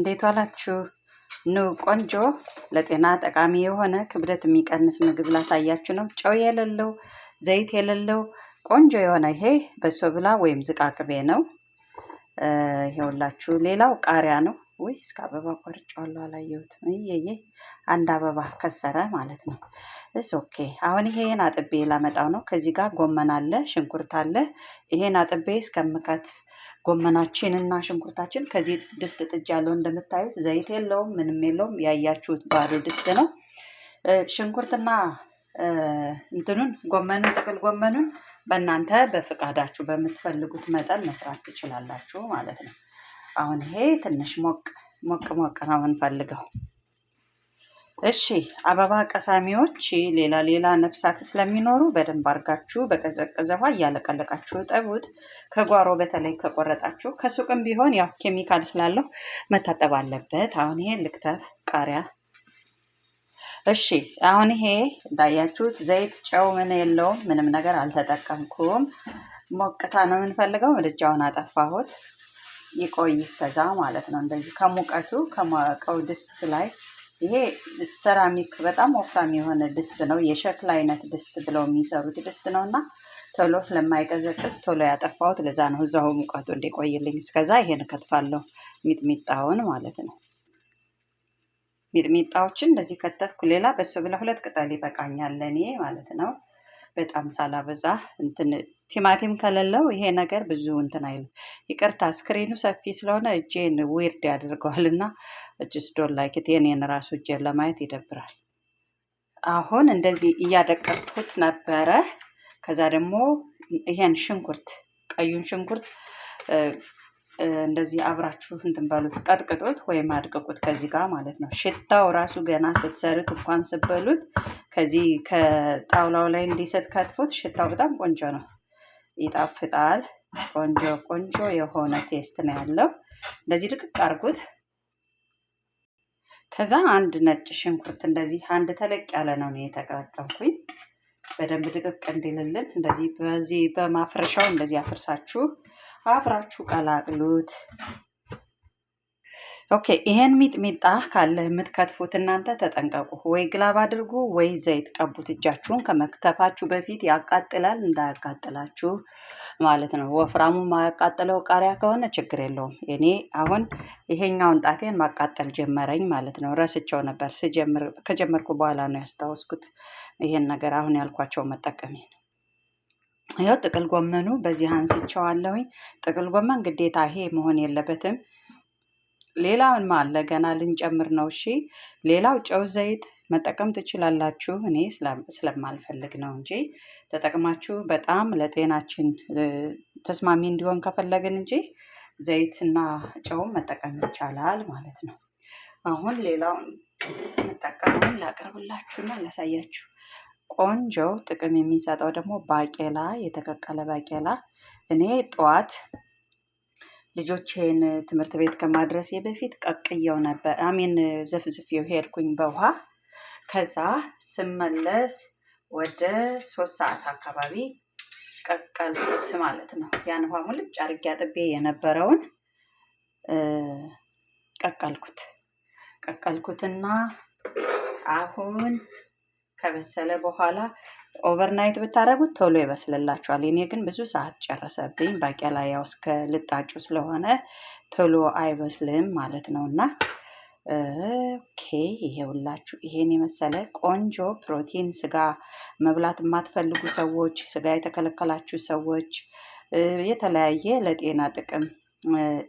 እንዴት ዋላችሁ? ኑ ቆንጆ ለጤና ጠቃሚ የሆነ ክብደት የሚቀንስ ምግብ ላሳያችሁ ነው። ጨው የሌለው ዘይት የሌለው ቆንጆ የሆነ ይሄ በሶብላ ወይም ዝቃቅቤ ነው። ይሄውላችሁ። ሌላው ቃሪያ ነው። ወይ እስከ አበባ ቆርጬዋለሁ አላየሁትም። ይሄ አንድ አበባ ከሰረ ማለት ነው። እስ ኦኬ። አሁን ይሄን አጥቤ ላመጣው ነው። ከዚህ ጋር ጎመን አለ፣ ሽንኩርት አለ። ይሄን አጥቤ እስከምከትፍ ጎመናችን እና ሽንኩርታችን ከዚህ ድስት ጥጅ ያለው እንደምታዩት ዘይት የለውም ምንም የለውም። ያያችሁት ባዶ ድስት ነው። ሽንኩርትና እንትኑን ጎመኑን ጥቅል ጎመኑን በእናንተ በፍቃዳችሁ በምትፈልጉት መጠን መስራት ትችላላችሁ ማለት ነው። አሁን ይሄ ትንሽ ሞቅ ሞቅ ሞቅ ነው የምንፈልገው። እሺ አበባ ቀሳሚዎች ሌላ ሌላ ነፍሳት ስለሚኖሩ በደንብ አርጋችሁ በቀዘቀዘ ውሃ እያለቀለቃችሁ ጠቡት። ከጓሮ በተለይ ከቆረጣችሁ፣ ከሱቅም ቢሆን ያው ኬሚካል ስላለው መታጠብ አለበት። አሁን ይሄ ልክተፍ ቃሪያ። እሺ አሁን ይሄ እንዳያችሁት ዘይት፣ ጨው ምን የለውም፣ ምንም ነገር አልተጠቀምኩም። ሞቅታ ነው የምንፈልገው። ምድጃውን አጠፋሁት። ይቆይ እስከዛ ማለት ነው። እንደዚህ ከሙቀቱ ከማቀው ድስት ላይ ይሄ ሰራሚክ በጣም ወፍራም የሆነ ድስት ነው። የሸክላ አይነት ድስት ብለው የሚሰሩት ድስት ነው እና ቶሎ ስለማይቀዘቅዝ ቶሎ ያጠፋሁት ለዛ ነው። እዛው ሙቀቱ እንዲቆይልኝ እስከዛ ይሄን ከትፋለሁ፣ ሚጥሚጣውን ማለት ነው። ሚጥሚጣዎችን እንደዚህ ከተፍኩ። ሌላ በሱ ብለ ሁለት ቅጠል ይበቃኛል ለእኔ ማለት ነው። በጣም ሳላበዛ እንትን ቲማቲም ከሌለው ይሄ ነገር ብዙ እንትን አይልም። ይቅርታ ስክሪኑ ሰፊ ስለሆነ እጄን ዊርድ ያደርገዋል እና እጅስ ዶን ላይክ የኔን ራሱ እጄን ለማየት ይደብራል። አሁን እንደዚህ እያደቀኩት ነበረ። ከዛ ደግሞ ይሄን ሽንኩርት ቀዩን ሽንኩርት እንደዚህ አብራችሁ እንትን በሉት፣ ቀጥቅጡት ወይም አድቅቁት ከዚህ ጋር ማለት ነው። ሽታው ራሱ ገና ስትሰሩት እንኳን ስበሉት ከዚህ ከጣውላው ላይ እንዲሰት ከትፎት ሽታው በጣም ቆንጆ ነው፣ ይጣፍጣል። ቆንጆ ቆንጆ የሆነ ቴስት ነው ያለው። እንደዚህ ድቅቅ አርጉት ከዛ አንድ ነጭ ሽንኩርት እንደዚህ አንድ ተለቅ ያለ ነው የተቀቀምኩኝ። በደንብ ድቅቅ እንዲልልን እንደዚህ በዚህ በማፍረሻው እንደዚህ አፍርሳችሁ አፍራችሁ ቀላቅሉት። ኦኬ ይሄን ሚጥሚጣ ካለ የምትከትፉት እናንተ ተጠንቀቁ። ወይ ግላብ አድርጉ ወይ ዘይት ቀቡት። እጃችሁን ከመክተፋችሁ በፊት ያቃጥላል፣ እንዳያቃጥላችሁ ማለት ነው። ወፍራሙ ማያቃጥለው ቃሪያ ከሆነ ችግር የለውም። እኔ አሁን ይሄኛውን ጣቴን ማቃጠል ጀመረኝ ማለት ነው። ረስቸው ነበር ከጀመርኩ በኋላ ነው ያስታወስኩት ይሄን ነገር አሁን ያልኳቸው መጠቀሜ ነው። ይኸው ጥቅል ጎመኑ በዚህ አንስቸዋለሁኝ። ጥቅል ጎመን ግዴታ ይሄ መሆን የለበትም ሌላ ምን አለ ገና ልንጨምር ነው። እሺ ሌላው ጨው፣ ዘይት መጠቀም ትችላላችሁ። እኔ ስለማልፈልግ ነው እንጂ ተጠቅማችሁ በጣም ለጤናችን ተስማሚ እንዲሆን ከፈለግን እንጂ ዘይትና ጨው መጠቀም ይቻላል ማለት ነው። አሁን ሌላውን መጠቀሙን ላቀርብላችሁና ላሳያችሁ። ቆንጆ ጥቅም የሚሰጠው ደግሞ ባቄላ የተቀቀለ ባቄላ እኔ ጠዋት ልጆቼን ትምህርት ቤት ከማድረሴ በፊት ቀቅየው ነበር አሜን ዘፍዝፌው ሄድኩኝ በውሃ። ከዛ ስመለስ ወደ ሶስት ሰዓት አካባቢ ቀቀልኩት ማለት ነው። ያን ውሃ ሙልጭ አድርጌ አጥቤ የነበረውን ቀቀልኩት ቀቀልኩትና አሁን ከበሰለ በኋላ ኦቨርናይት ብታደረጉት ቶሎ ይበስልላችኋል። እኔ ግን ብዙ ሰዓት ጨረሰብኝ። ባቄላ ያው እስከ ልጣጩ ስለሆነ ቶሎ አይበስልም ማለት ነው እና ኦኬ ይሄውላችሁ ይሄን የመሰለ ቆንጆ ፕሮቲን ስጋ መብላት የማትፈልጉ ሰዎች፣ ስጋ የተከለከላችሁ ሰዎች የተለያየ ለጤና ጥቅም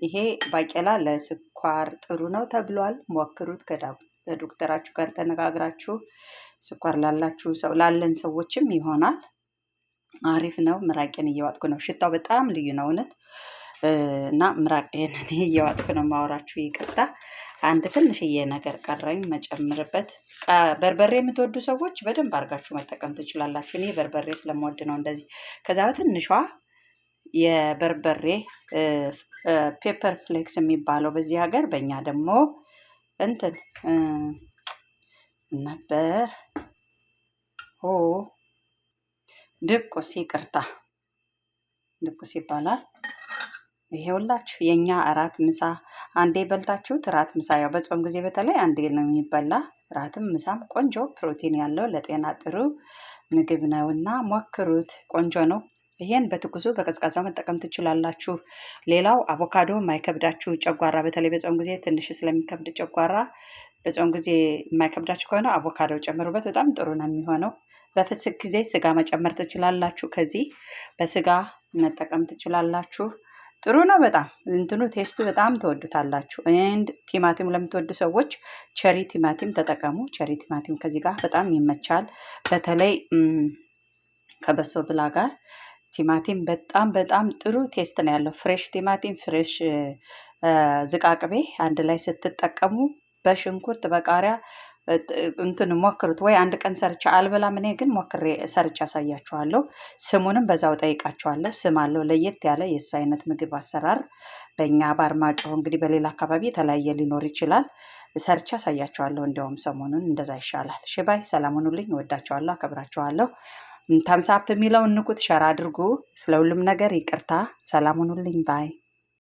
ይሄ ባቄላ ለስኳር ጥሩ ነው ተብሏል። ሞክሩት ከዳቦ ከዶክተራችሁ ጋር ተነጋግራችሁ ስኳር ላላችሁ ሰው ላለን ሰዎችም ይሆናል። አሪፍ ነው። ምራቄን እየዋጥኩ ነው። ሽታው በጣም ልዩ ነው እውነት እና ምራቄን እየዋጥኩ ነው ማወራችሁ። ይቅርታ። አንድ ትንሽዬ ነገር ቀረኝ መጨምርበት። በርበሬ የምትወዱ ሰዎች በደንብ አድርጋችሁ መጠቀም ትችላላችሁ። እኔ በርበሬ ስለምወድ ነው እንደዚህ። ከዛ በትንሿ የበርበሬ ፔፐር ፍሌክስ የሚባለው በዚህ ሀገር፣ በእኛ ደግሞ እንትን ነበር ሆ ድቁስ ይቅርታ፣ ድቁስ ይባላል። ይሄውላችሁ የእኛ እራት ምሳ አንዴ በልታችሁት እራት ምሳ፣ ያው በጾም ጊዜ በተለይ አንዴ ነው የሚበላ። እራትም ምሳም ቆንጆ ፕሮቲን ያለው ለጤና ጥሩ ምግብ ነውና ሞክሩት። ቆንጆ ነው። ይሄን በትኩሱ በቀዝቃዛው መጠቀም ትችላላችሁ። ሌላው አቮካዶ የማይከብዳችሁ ጨጓራ በተለይ በጾም ጊዜ ትንሽ ስለሚከብድ ጨጓራ በጾም ጊዜ የማይከብዳችሁ ከሆነ አቮካዶ ጨምሩበት፣ በጣም ጥሩ ነው የሚሆነው። በፍስክ ጊዜ ስጋ መጨመር ትችላላችሁ። ከዚህ በስጋ መጠቀም ትችላላችሁ። ጥሩ ነው በጣም እንትኑ ቴስቱ በጣም ተወዱታላችሁ። እንድ ቲማቲም ለምትወዱ ሰዎች ቸሪ ቲማቲም ተጠቀሙ። ቸሪ ቲማቲም ከዚህ ጋር በጣም ይመቻል። በተለይ ከበሶ ብላ ጋር ቲማቲም በጣም በጣም ጥሩ ቴስት ነው ያለው። ፍሬሽ ቲማቲም፣ ፍሬሽ ዝቃቅቤ አንድ ላይ ስትጠቀሙ በሽንኩርት በቃሪያ እንትን ሞክሩት። ወይ አንድ ቀን ሰርቻ አልበላም እኔ ግን ሞክሬ ሰርቻ አሳያችኋለሁ። ስሙንም በዛው ጠይቃችኋለሁ። ስም አለው ለየት ያለ የእሱ አይነት ምግብ አሰራር በእኛ በአርማጭሆ እንግዲህ በሌላ አካባቢ የተለያየ ሊኖር ይችላል። ሰርቻ አሳያችኋለሁ። እንዲያውም ሰሞኑን እንደዛ ይሻላል። ሽባይ ሰላሙኑልኝ። ሁኑልኝ። እወዳችኋለሁ፣ አከብራችኋለሁ። ታምሳፕ የሚለውን ንቁት ሸር አድርጉ። ስለ ሁሉም ነገር ይቅርታ። ሰላም ሁኑልኝ ባይ